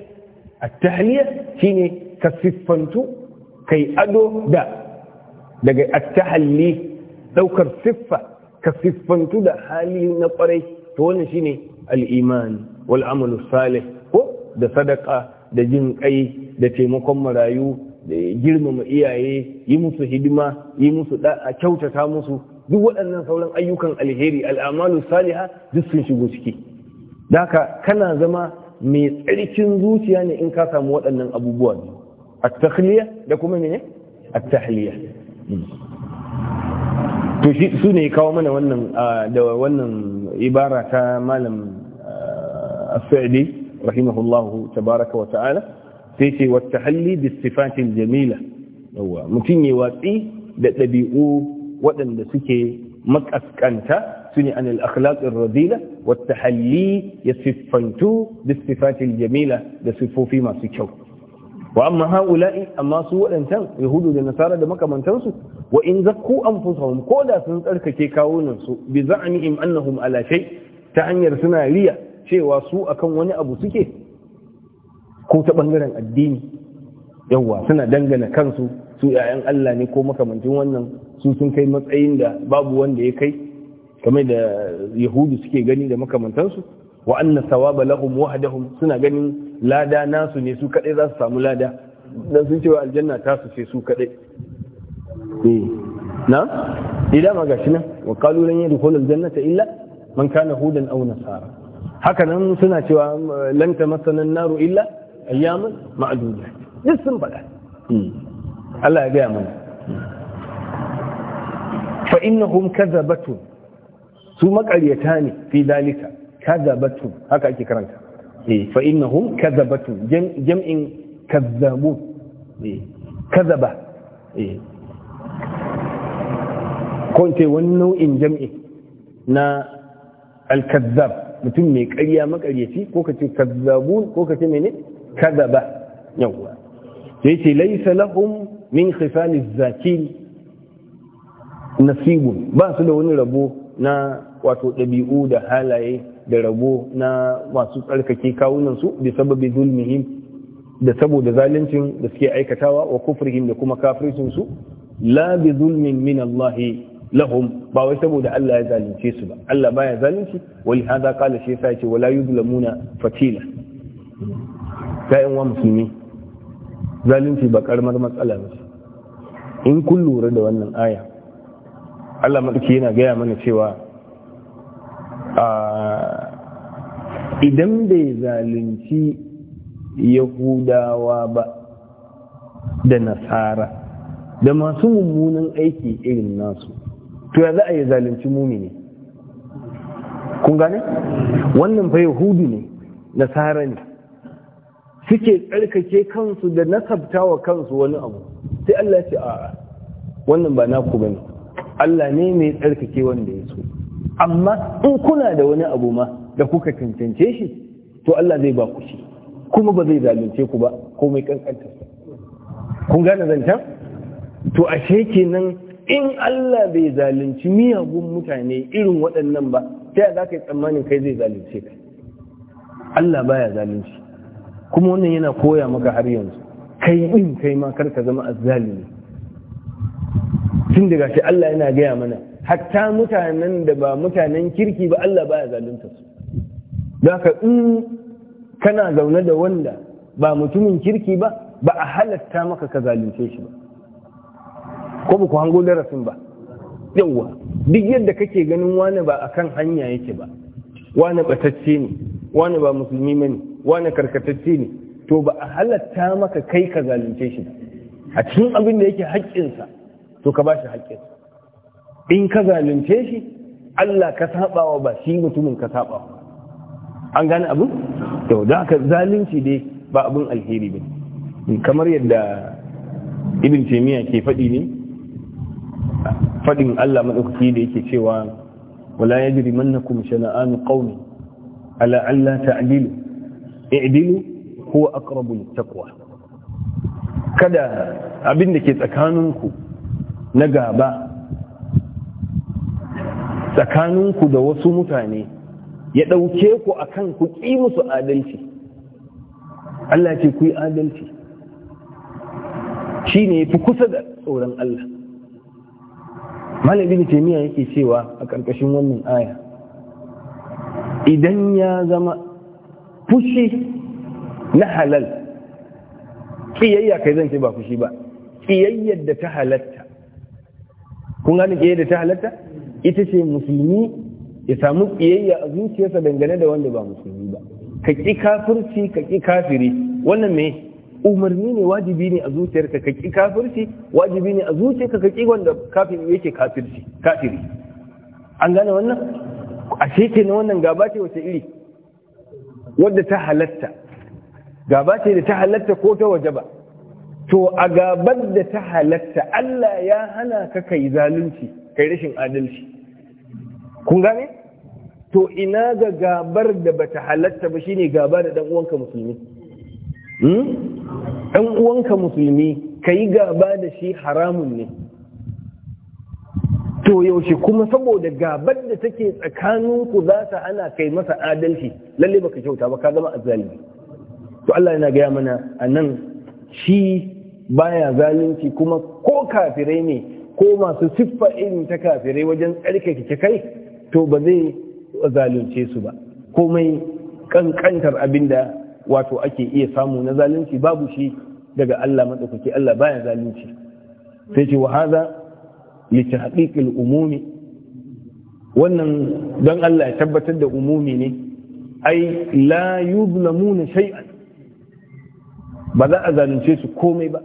at-tahliya shine ka siffantu kai ado da daga at-tahalli daukar siffa ka siffantu da hali na kwarai to wannan shine al-iman wal amalu salih ko da sadaqa da jin kai da taimakon marayu da girmama iyaye yi musu hidima yi musu a kyautata musu duk waɗannan sauran ayyukan alheri al'amalu saliha duk sun shigo ciki daka kana zama mai tsarkin zuciya ne in ka samu waɗannan abubuwa ne at-takhliya da kuma ne at-tahliya to shi su ne kawo mana wannan ah, da wannan ibara ta malam ah, as rahimahullahu tabaraka wa ta'ala sai ce wata halli da sifatin jamila yawa mutum ya watsi da ɗabi'u waɗanda suke makaskanta su ne anil akhlaqir radila wata halli ya siffantu da sifatin jamila da siffofi masu kyau wa amma ha'ula'i amma su waɗancan yahudu da nasara da makamantansu wa in zakku anfusahum ko da sun tsarkake kawunan su bi za'anihim annahum ala shay ta hanyar suna riya cewa su akan wani abu suke ko ta bangaren addini yawwa suna dangana kansu su yayan Allah ne ko makamancin wannan su sun kai matsayin da babu wanda ya kai kamar da yahudu suke gani da makamantansu wa anna sawaba lahum wahdahum suna ganin lada nasu ne su kadai za su samu lada dan sun cewa aljanna ta su ce su kadai eh na idan ma gashi nan wa qalu lan yadkhulul ta illa man kana hudan aw nasara haka nan suna cewa lanta tamassanan naru illa ayyamin ma'adudu duk sun faɗa hmm. Allah ya gaya mana fa innahum kazabatu su maƙaryata ne fi dalika kazabatu haka ake karanta eh fa innahum kazabatu jam'in kazzabu eh eh ko wani nau'in jam'i na al-kazzab mutum mai ƙarya makaryaci ko ka ce kazzabu ko ka ce mene kazaba yawwa sai ce laisa lahum min khifani zakin nasibun ba su da wani rabo na wato ɗabi'u da halaye da rabo na masu tsarkake kawunansu da sababi zulmihim da saboda zaluncin da suke aikatawa wa kufrihim da kuma kafircinsu la bi zulmin min Allah lahum ba wai saboda Allah ya zalunce su ba Allah baya zalunci wali hada kala shi yasa yace wala yuzlamuna fatila ta wa musulmi zalunci ba karamar matsala ba in kun lura da wannan aya Allah madaki yana gaya mana cewa idan bai zalunci yahudawa ba da nasara da masu mummunan aiki irin nasu to ya za a yi zalunci ne? kun gane wannan fa yahudu ne nasara ne suke tsarkake kansu da nasabta wa kansu wani abu sai Allah ce a'a wannan ba naku bane Allah ne mai tsarkake wanda ya so amma in kuna da wani abu ma da kuka cancance shi to Allah zai ba ku shi kuma ba zai zalunce ku ba komai kankanta kun gane zancen to ashe kenan in Allah bai zalunci miyagun mutane irin waɗannan ba ta za ka yi tsammanin kai zai zalunce ka Allah baya zalunci kuma wannan yana koya maka har yanzu kai din kai ma kar ka zama azzalimi tun daga shi Allah yana gaya mana hatta mutanen da ba mutanen kirki ba Allah baya zalunta su da ka in kana zaune da wanda ba mutumin kirki ba ba a halatta maka ka zalunce shi ba ko ba ku hango darasin ba yauwa duk yadda kake ganin wani ba akan hanya yake ba wani batacce ne wani ba musulmi ne wani karkatacce ne to ba a halatta maka kai ka zalunce shi a cikin abin da yake haƙƙinsa to ka ba shi haƙƙinsa in ka zalunce shi Allah ka wa ba shi mutumin ka wa an gane abin? yau da ka zalunci dai ba abin alheri ba kamar yadda irin taimiyya ke faɗi ne fadin Allah madaukaki da yake cewa wala yajrimannakum shana'anu qaumin ala alla ta'dilu i'dilu huwa aqrabu taqwa kada abin da ke tsakaninku na gaba tsakaninku da wasu mutane ya ɗauke ku a kan ku ƙi musu adalci Allah ce ku yi adalci shi ne fi kusa da tsoron Allah malam ibn yake cewa a ƙarƙashin wannan aya idan ya zama fushi na halal kiyayya kai zan ba fushi ba kiyayyar da ta halatta kun gani kiyayyar da ta halatta ita ce musulmi ya samu kiyayya a zuciyarsa dangane da wanda ba musulmi ba ka ƙi kafirci ka ƙi kafiri wannan mai. umarni ne wajibi ne a zuciyarka ka ki kafirci wajibi ne a zuciyarka ka ki wanda kafin yake kafirci kafiri an gane wannan A ke na wannan gaba ce wace iri wadda ta halatta gaba ce da ta halatta ko ta waje ba to a gabar da ta halatta Allah ya hana ka kai zalunci kai rashin adalci kun gane to ina ga gabar da bata halatta ba shine gaba da dan uwanka musulmi Hmm? ɗan uwanka musulmi ka yi gaba da shi haramun ne to yaushe kuma saboda gabar da take tsakaninku za ta ana kai masa adalci lalle ka kyauta ba ka zama azzalimi to Allah yana gaya mana a nan shi baya zalunci kuma ko kafirai ne ko masu siffa irin ta kafirai wajen tsarkake kai to ba zai zalunce su ba komai kankantar abin da wato ake iya samu na zalunci babu shi daga Allah madaukaki Allah baya zalunci sai ce wa hadha li umumi wannan don Allah ya tabbatar da umumi ne ai la yuzlamuna shay'an ba za a zalunce su komai ba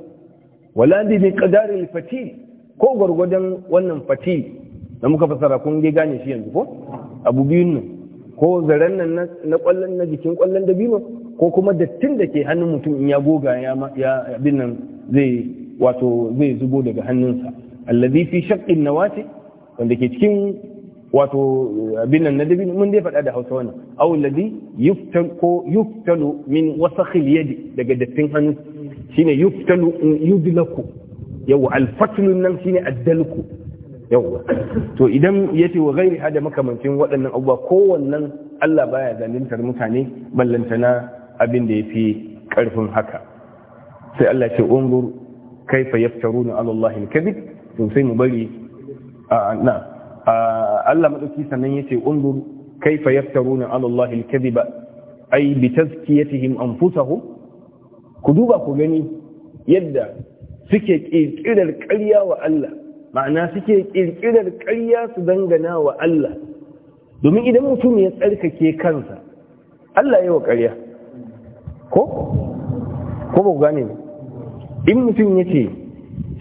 wala bi bi qadaril Fati ko gwargwadon wannan Fati. da muka fasara kun ga gane shi yanzu ko abu biyun ko zaren nan na kwallon na jikin kwallon dabino ko kuma dattin da ke hannun mutum in ya goga ya abin nan zai wato zai zubo daga hannunsa allazi fi shaqqin nawati wanda ke cikin wato abin nan na dabi mun dai faɗa da Hausa wannan aw allazi yuftal ko yuftalu min wasakhil yadi daga dattin hannu shine yuftalu yudlaku yawa alfatlu nan shine addalku yawwa to idan yace wa gairi hada makamancin waɗannan abubuwa kowannan Allah baya zalintar mutane ballantana abin da yafi ƙarfin haka sai Allah ce unzur kaifa yaftaruna ala Allah al to sai mu bari na Allah madauki sannan yace unzur kaifa yaftaruna ala Allah al-kadhiba ay bi tazkiyatihim anfusahum ku duba ku gani yadda suke ƙirƙirar ƙarya wa Allah ma'ana suke ƙirƙirar ƙarya su dangana wa Allah domin idan mutum ya tsarkake kansa Allah yi wa ƙarya ko ko ba ku gane in mutum ya ce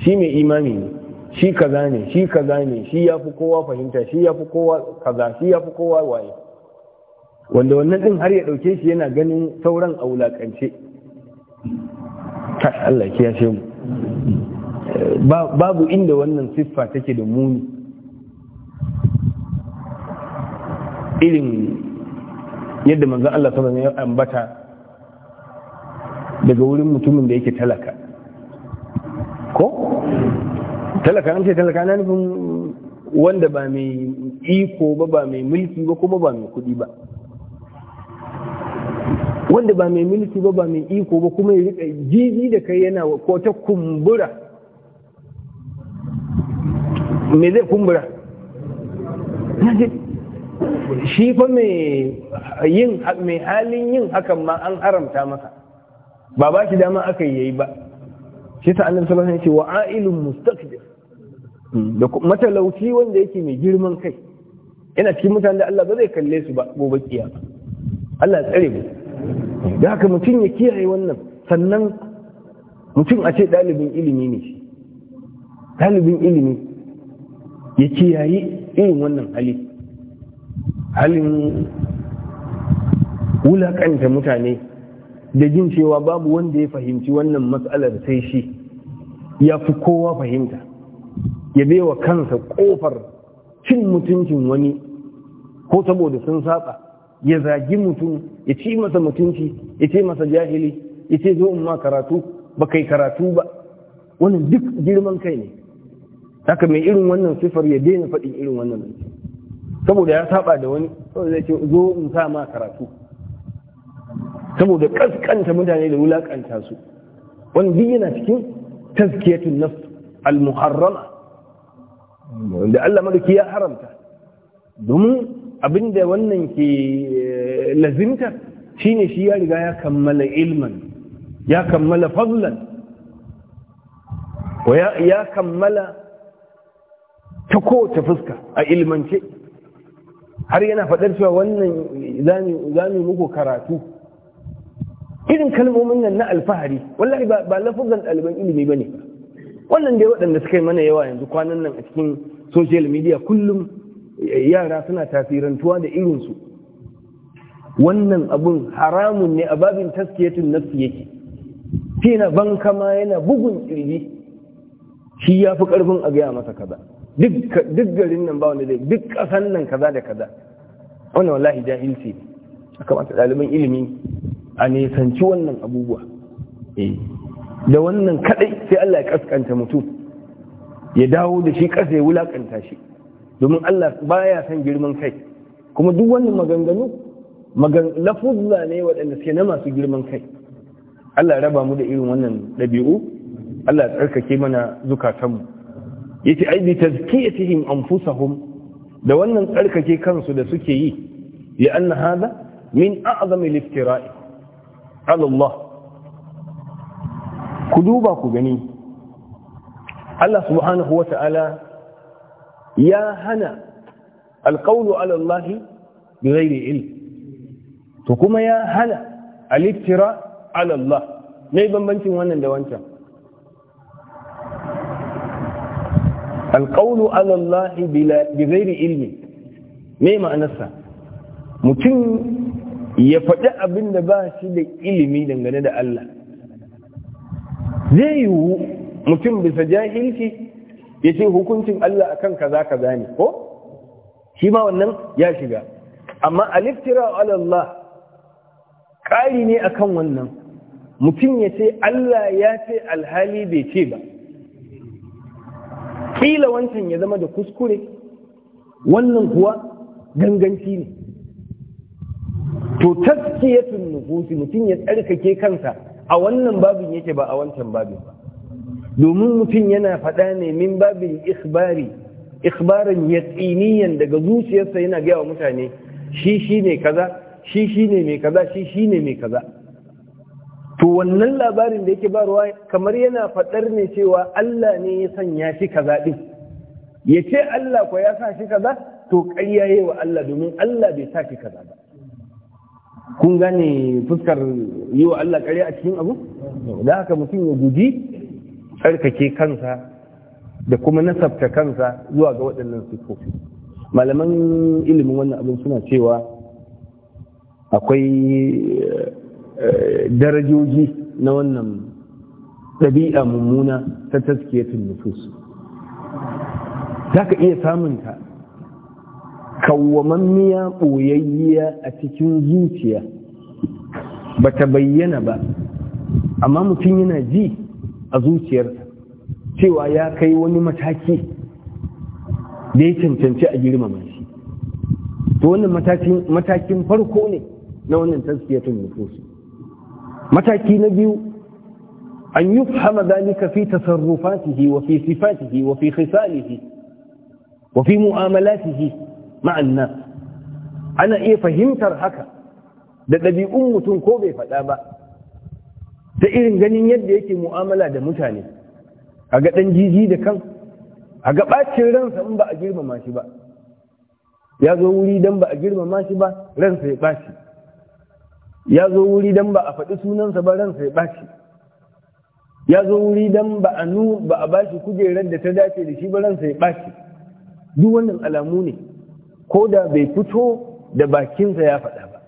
shi mai imani ne shi kaza ne shi kaza ne shi ya fi kowa fahimta shi ya fi kowa kaza shi ya fi kowa waye wanda wannan din har ya ɗauke shi yana ganin sauran a wulaƙance kash Allah ya ce mu babu inda wannan siffa take da muni irin yadda manzan Allah sallallahu alaihi ambata daga wurin mutumin da yake talaka ko talaka an ce talaka na nufin wanda ba mai iko ba ba mai mulki ba kuma ba mai kuɗi ba wanda ba mai mulki ba ba mai iko ba kuma ya jiji da kai yana ko ta kumbura me zai kumbura shi fa mai halin yin hakan ma an haramta maka? ba ba shi dama aka yi ba shi ta annabi sallallahu alaihi ya ce wa ailun da matalauci wanda yake mai girman kai Ina cikin mutanen da Allah ba zai kalle su ba gobe kiyama Allah ya tsare mu da haka mutum ya kiyaye wannan sannan mutum a ce ɗalibin ilimi ne shi ɗalibin ilimi ya kiyaye irin wannan hali halin wulakanta mutane da jin cewa babu wanda ya fahimci wannan matsalar sai shi ya fi kowa fahimta ya wa kansa kofar cin mutuncin wani ko saboda sun saba ya zagi mutum ya ci masa mutunci ya ce masa jahili ya ce zo ma karatu ba kai karatu ba wannan duk girman kai ne haka mai irin wannan sifar ya daina faɗin irin wannan saboda ya saba da wani zai ce zo in sa ma karatu saboda kaskanta mutane da wulakanta su wanda yana cikin tazkiyatun nafs al-muharrama wanda Allah madaki ya haramta domin abinda wannan ke eh, lazimta shine shi ya riga ya kammala ilman ya kammala fadlan ya kammala ta kowace fuska a ilmance har yana faɗar cewa wannan zami muku karatu irin kalmomin nan na alfahari wallahi ba lafuzan ɗaliban ilimi ba ne wannan dai waɗanda suka yi mana yawa yanzu kwanan nan a cikin social media kullum eh, yara suna tasirantuwa da irinsu wannan abun haramun ne a babin taskiyatun nafsi yake na ban kama yana bugun kirji shi ya fi ƙarfin a gaya masa kaza duk garin nan ba wani duk ƙasan nan kaza da kaza wannan wallahi jahilci a kamata ɗaliban ilimi a nisanci wannan abubuwa eh, da wannan kadai sai Allah ya kaskanta mutum ya dawo da shi kasa ya wulakanta shi domin Allah baya son girman kai kuma duk wannan maganganu lafuzza ne waɗanda suke na masu girman kai Allah raba mu da irin wannan ɗabi'u Allah tsarkake mana zukatanmu yace ai bi tazkiyatihim anfusahum da wannan tsarkake kansu da suke yi li anna hada min a'zami liftira'i Allah ku duba ku gani Allah subhanahu wa ta'ala ya hana alƙaunu alallahi da zaire il to kuma ya hana aliftira alallah mai bambancin wannan da wancan alƙaunu alallahi da zaire ilmi mai ma'anarsa mutum ya faɗi abin da ba shi da ilimi dangane da Allah zai yiwu mutum bisa jahilci ya ce hukuncin Allah akan kaza kaza ne ko shi ma wannan ya shiga amma aliftira Allah ƙari ne akan wannan mutum ya ce Allah ya ce alhali bai ce ba kila wancan ya zama da kuskure wannan kuwa ganganci ne to tazkiyatun nufus mutum ya tsarkake kansa a wannan babin yake ba a wancan babin ba domin mutum yana faɗa ne min babin ikhbari ikhbaran yaqiniyan daga zuciyarsa yana gaya wa mutane shi shi kaza shi shi mai kaza shi shi mai kaza to wannan labarin da yake barwa kamar yana faɗar ne cewa Allah ne ya sanya shi kaza din ya ce Allah ko ya sa shi kaza to ƙarya wa Allah domin Allah bai sa shi kaza ba kun gane fuskar yi wa Allah ƙarya a cikin abu da haka mutum ya guji tsarkake kansa da kuma nasabta kansa zuwa ga waɗannan sifofi malaman ilimin wannan abin suna cewa akwai eh, darajoji na wannan ɗabi'a mummuna ta taskiyatun nufus za ka iya samunta kawwamammiya ɓoyayya a cikin zuciya ba ta bayyana ba amma mutum yana ji a zuciyar cewa ya kai wani mataki da ya cancanci a girmama shi to wannan matakin farko ne na wannan tazkiyatun nufusu mataki na biyu an yi fahama zalika fi tasarrufatihi wa fi sifatihi wa fi khisalihi wa fi mu'amalatihi ma'an nas ana iya fahimtar haka da ɗabi'un mutum ko bai faɗa ba ta irin ganin yadda yake mu'amala da mutane a ga ɗan jiji da kan a ga ɓacin ransa in ba a girmama shi ba ya zo wuri don ba a girmama shi ba ransa ya ɓaci ya zo wuri don ba a faɗi sunansa ba ransa ya ɓaci ya zo wuri don ba a nu ba a bashi kujerar da ta dace da shi ba ransa ya ɓaci duk wannan alamu ne ko da bai fito da bakinsa ya faɗa ba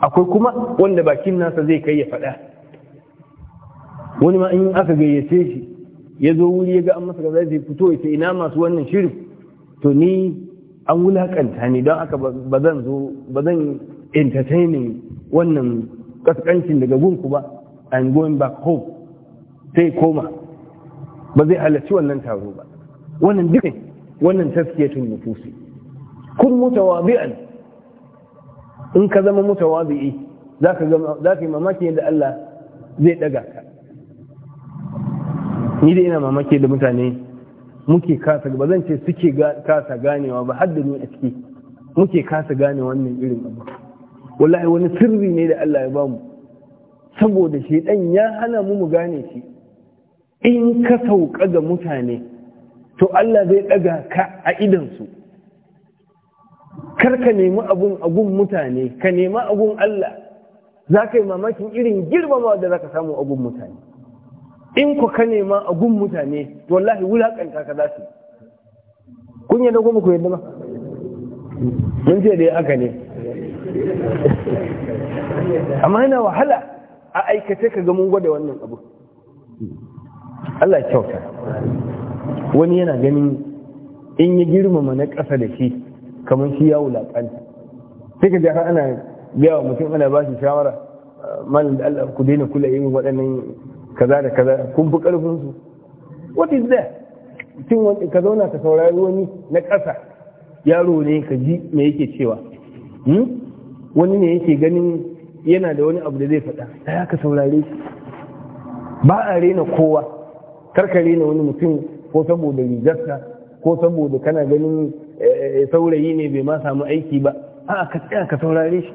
akwai kuma wanda bakin nasa zai kai ya faɗa wani ma in aka gayyace shi ya zo wuri ya ga an masa gaza zai fito ya ina masu wannan shirin to ni an wulakanta ne don aka ba zan zo ba entertaining wannan kaskancin daga gunku ba I'm going back home sai koma ba zai halarci wannan taro ba wannan dukkan wannan taskiyatun nufusi kun mutawabi'an in ka zama mutawabi'i za ka yi mamaki yadda Allah zai daga ka ni da ina mamaki da mutane muke kasa ba zan ce suke kasa ganewa ba har da ni a ciki muke kasa gane wannan irin abu wallahi wani sirri ne da Allah ya bamu saboda shi dan ya hana mu mu gane shi in ka sauka ga mutane to Allah zai daga ka a idan su kar ka nemi abun agun mutane ka nemi agun Allah za ka yi mamakin irin girmamawa da za ka samu agun mutane in ku ka nema agun mutane to wallahi haƙan ka za su kun yadda kuma ku yadda ma mun ce da aka ne amma yana wahala a aikace ka ga mun gwada wannan abu Allah kyauta wani yana ganin in yi girmama na ƙasa da shi kamar shi ya wulaƙanta sai ka ji har ana biya wa mutum ana ba shi shawara malin da Allah ku daina kula irin waɗannan kaza da kaza kun fi ƙarfin what is that tun wani ka zauna ka saurari wani na ƙasa yaro ne ka ji me yake cewa hmm? wani ne yake ganin yana da wani abu da zai faɗa ya ka saurare shi ba a rena kowa karka rena wani mutum ko saboda rigarsa ko saboda kana ganin Eh, saurayi ne bai ma samu aiki ba a ka tsaya ka saurare shi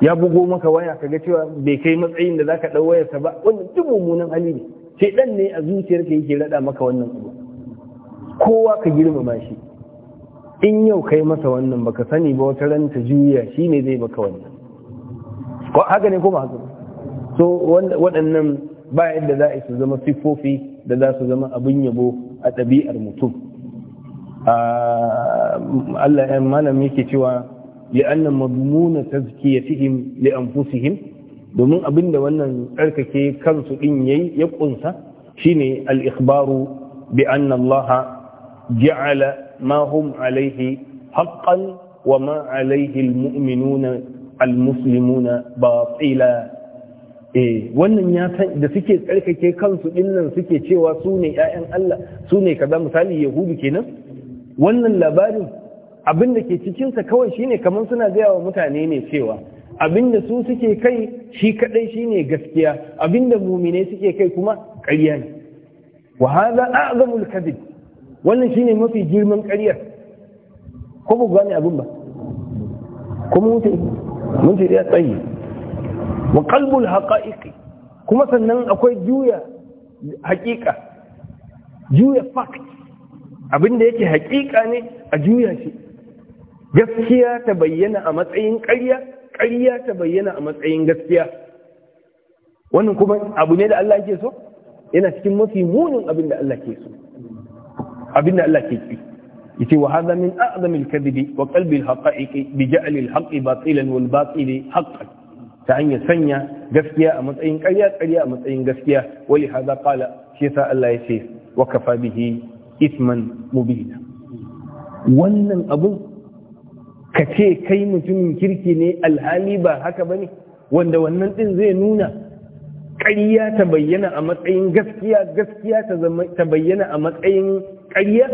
ya bugo maka waya ka ga cewa bai kai matsayin da zaka dau wayarsa ba wannan duk mummunan hali ne sai dan ne a zuciyar ka yake rada maka wannan abu kowa ka girmama shi in yau kai masa wannan baka sani ba wata ran ta juya shi ne zai baka wannan haka ne kuma haka so waɗannan ba yadda za a su zama siffofi da za su zama abin yabo a ɗabi'ar mutum Allah ɗan malam yake cewa li'anna madmuna tazkiyatihim li anfusihim domin abinda wannan tsarkake kansu din yayi ya ƙunsa shine al-ikhbaru bi anna Allah ja'ala ma hum alayhi haqqan wa ma alayhi muminuna al-muslimuna batila eh wannan ya san da suke tsarkake kansu din nan suke cewa su ne ƴaƴan Allah su ne kaza misali yahudu kenan wannan labarin abin da ke cikinsa kawai shine kamar suna gaya wa mutane ne cewa abin da su suke kai shi kadai shine gaskiya abin da mumine suke kai kuma ƙarya ne wa hadha a'zamul kadhib wannan shine mafi girman ƙaryar ko ba gane abin ba kuma mutum mun ce ya tsayi wa qalbul haqa'iqi kuma sannan akwai juya haƙiƙa juya fact abin da yake hakika ne a juya shi gaskiya ta bayyana a matsayin ƙarya ƙarya ta bayyana a matsayin gaskiya wannan kuma abu ne da Allah ke so yana cikin mafi munin abin da Allah ke so abin da Allah ke ki yace wa hadha min a'zami al-kadhib wa qalbi al-haqa'iqi bi ja'li al-haqqi batilan wal batili haqqan ta hanyar sanya gaskiya a matsayin ƙarya ƙarya a matsayin gaskiya wali hadha qala shi sa Allah ya ce wa kafa bihi isman mubina wannan abun ka ce kai mutumin kirki ne alhali ba haka ba ne? wanda wannan din zai nuna ƙarya ta bayyana a matsayin gaskiya gaskiya ta bayyana a matsayin ƙarya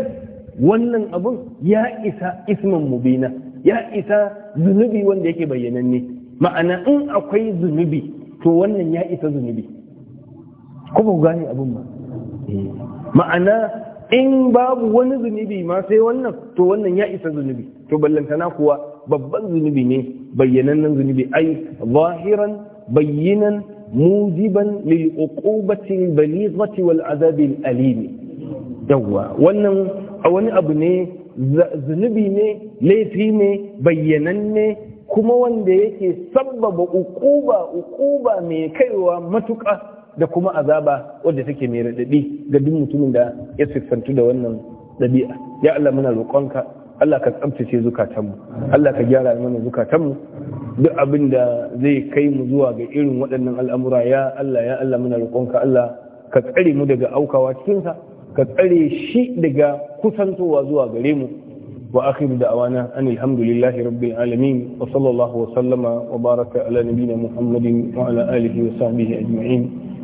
wannan abun ya isa isman mubina ya isa zunubi wanda yake bayyananne ma'ana in akwai zunubi to wannan ya isa zunubi kuma gane abun ba eh. ma'ana in babu wani zunubi ma sai wannan to wannan ya isa zunubi to ballantana kuwa babban zunubi ne bayyanannen zunubi ai zahiran bayyinan mujiban lil uqubati balighati wal azabi al alim yawa wannan wani abu ne zunubi ne laifi ne bayyananne kuma wanda yake sabbaba uquba uquba mai kaiwa matuƙa da kuma azaba wadda take mai raɗaɗi ga duk mutumin da ya siffantu da wannan ɗabi'a ya Allah muna roƙonka Allah ka tsabtace zukatanmu Allah ka gyara mana zukatanmu duk abin da zai kai mu zuwa ga irin waɗannan al'amura ya Allah ya Allah muna roƙonka Allah ka tsare mu daga aukawa cikinsa ka tsare shi daga kusantowa zuwa gare mu وآخر دعوانا أن الحمد لله رب العالمين وصلى الله وسلم وبارك Muhammadin نبينا محمد وعلى آله وصحبه أجمعين